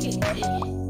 되겠지. 예.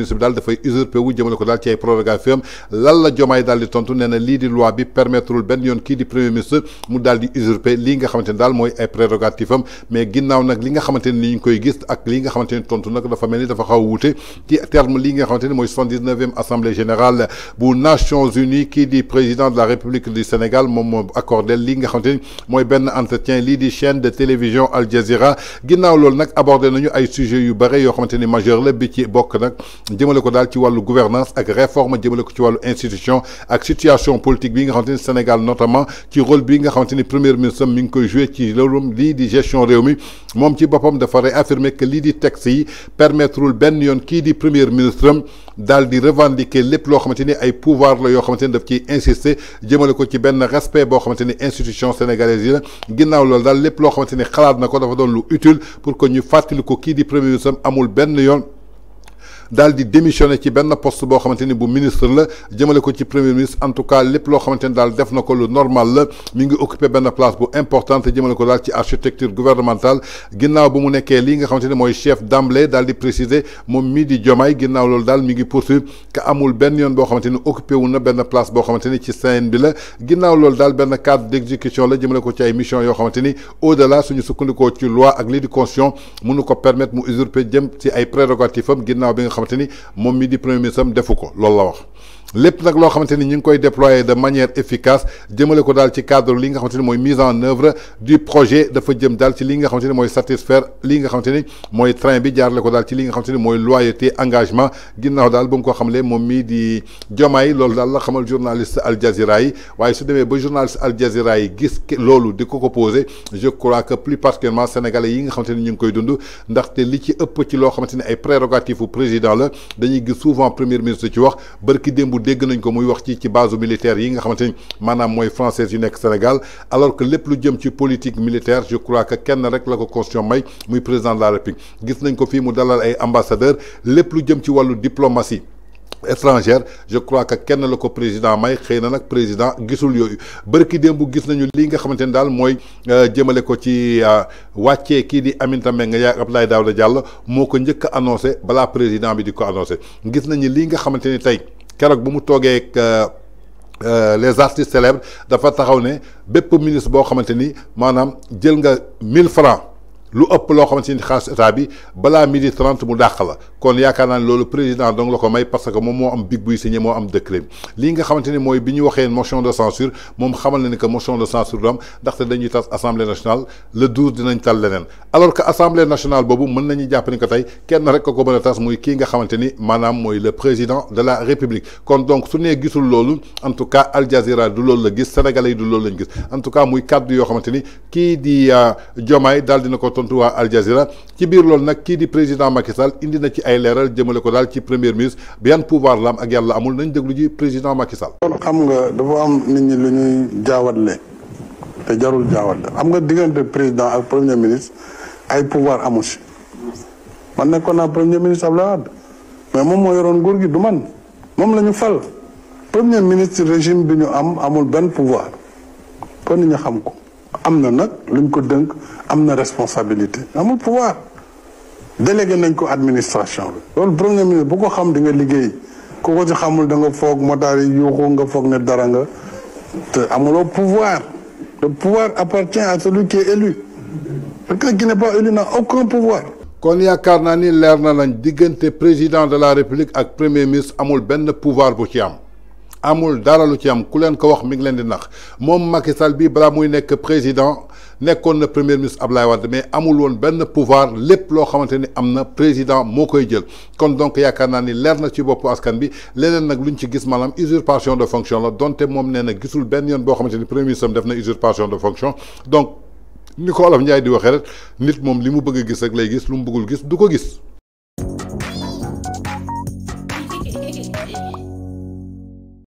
ministre de daal dafay ou wu jëmale ko daal ci ay prérogatives am lan la Diomaye daal di tontu néna li di loi bi permettrewul ben yoon di premier ministre mu dal di usurpé li nga xamanteni dal moy ay prérogatives am mais ginnaw nak li nga xamanteni ni ngui koy gis ak li nga xamanteni tontu nak dafa melni dafa xaw a ci terme li nga xamanteni moy 79e assemblée générale bu Nations Unies ki di président de la République du Sénégal mom moo accordé li nga xamanteni moy ben entretien li di chaîne de télévision Al Jazeera ginnaw loolu nak abordé nañu ay sujet yu bari yo xamanteni majeur la bi ci bok nak jëmale ko daal ci walu gouvernance ak réforme jëmale ko ci walu institution ak situation politique bi nga xamanteni Sénégal notamment ci rôle bi nga xamanteni premier ministre mi ngi koy jouer ci lorum li di gestion réew mom moom ci boppam dafa affirmer que l'idée di texte yi permettrewul benn yoon di premier ministre dal di revendiquer lepp lo xamanteni ay pouvoir la yo xamanteni ni daf insister jëmale ko ci ben respect bo xamanteni institution sénégalaise yi ginnaw lol dal lepp lo xamanteni xamante quoi xalaat na dafa don lu utile pour que ñu fàttali ko ki di premier ministre amul ben yon dal di démissionné ci benn poste boo xamante ni bu ministre la jëmale ko ci premier ministre en tout cas lépp loo xamante ni daal def na ko lu normal la mi ngi occupé benn place bu importante jëmale ko daal ci architecture gouvernementale ginnaaw bu mu nekkee lii nga xamante ni mooy chef d'emblée daal di préciser moom mii di jomay ginnaaw loolu daal mi ngi poursuivre que amul benn yoon boo xamante ni occupé wu na benn place boo xamante ni ci scène bi la ginnaaw loolu daal benn cadre d'exécution la jëmale ko ci ay mission yoo xamante ni au delà suñu sukkandikoo ci loi ak lii di constitution mënu ko permettre mu usurper jëm ci ay prérogatives am ginnaaw bi nga xamante ni moom mii di premier ministre am defu ko loolu la wax lépp nag loo xamante ni ñu ngi koy déployer de manière efficace jëmale ko daal ci cadre li nga xamante ni mooy mise en œuvre du projet dafa jëm daal ci li nga xamante ni mooy satisfaire li nga xamante ni mooy train bi jaarale ko daal ci li nga xamante ni mooy loyauté engagement ginnaaw daal ba mu ko xamle moom mii di Diomaye loolu daal la xamal journaliste Al jazira yi waaye su demee ba journaliste Al jazira yi gis loolu di ko ko posé je crois que plus particulièrement sénégalais yi nga xamante ni ñu ngi koy dund ndaxte li ci ëpp ci loo xamante ni ay prérogatives u président la dañuy gis souvent premier ministre ci wax barki démb dégg nañ ko muy wax ci ci base militaire yi nga xamante ni maanaam mooy française yu nekk Sénégal alors que lépp lu jëm ci politique militaire je crois que kenn rek la ko constitution may muy président de gis nañ ko fii mu dalal ay ambassadeur lépp lu jëm ci wàllu diplomatie étrangère je crois que kenn la ko président may xëy na nag président gisul yooyu bërki démb gis nañu lii nga xamante ni daal mooy euh, jëmale ko ci euh, wàccee kii di Aminata Mbengue Ndiaye Abdoulaye Daouda Diallo moo ko njëkk annoncé balaa président bi di ko gis nañu lii nga xamante ni tey keroog bu mu toogee euh, euh, les artistes célèbres dafa taxaw ne bépp ministre boo xamante ni maanaam jël nga mille francs lu ëpp loo xamante ni xaalis état bi midi 30 mu dàq la kon yaakaar naa président donc la ko may parce que mon moo am big buy signé moo am décret lii nga xamante ni mooy bi motion de censure moom xamal que motion de censure doom ndaxte dañuy tas assemblée nationale le 12 dinañ tal leneen alors que assemblée nationale boobu mën nañu jàpp ni que tey kenn rek ko ko mën a tas muy nga xamante ni maanaam le président de la république kon donc su nee gisul loolu en tout cas Al Jazeera du loolu la gis sénégalais yi du loolu lañ en tout cas muy kàddu yoo xamante ni di euh, Diomaye dal dina ko. tontu waa Al Jazeera ci biir loolu nag kii di président Macky Sall indi na ci ay leeral jëmale ko daal ci premier ministre bi yan pouvoir la ak yàlla amul nañ déglu ji président Macky Sall. kon xam nga dafa am nit ñi lu ñuy jaawatle te jarul jaawatle xam nga diggante président ak premier ministre ay pouvoir amu si man nekkoon naa premier ministre Abdoulaye Wade mais moom moo yoroon nguur gi du man moom la ñu fal premier ministre régime bi ñu am amul benn pouvoir kon nit ñi xam ko. amna nak luñ ko dënk amna responsabilité amul pouvoir délégué nañ ko administration bi loolu premier ministre bu ko xam di nga liggéey ku ko ci xamul da nga foog motaar yi yuuxu nga foog ne dara nga te amuloo pouvoir le pouvoir appartient à celui qui est élu quelqu'un qui n'est pas élu n'a aucun pouvoir kon yaakaar naa ni leer na lañ diggante président de la république ak premier ministre amul benn pouvoir bu ci am amul dara lu ci am ku leen ko wax mi ngi leen di nax moom Macky Sall bi balaa muy nekk président nekkoon na premier ministre Abdoulaye Wade mais amul woon benn pouvoir lépp loo xamante ni am na président moo koy jël kon donc yaakaar naa ni leer na ci askan bi leneen nag luñ ci gis maanaam usurpation de fonction la donte moom nee na gisul benn yoon boo xamante ni premier ministre am def na usurpation de fonction donc ni ko Olof Njaay di waxee rek nit moom li bëgg gis rek lay gis lu bëggul gis du ko gis.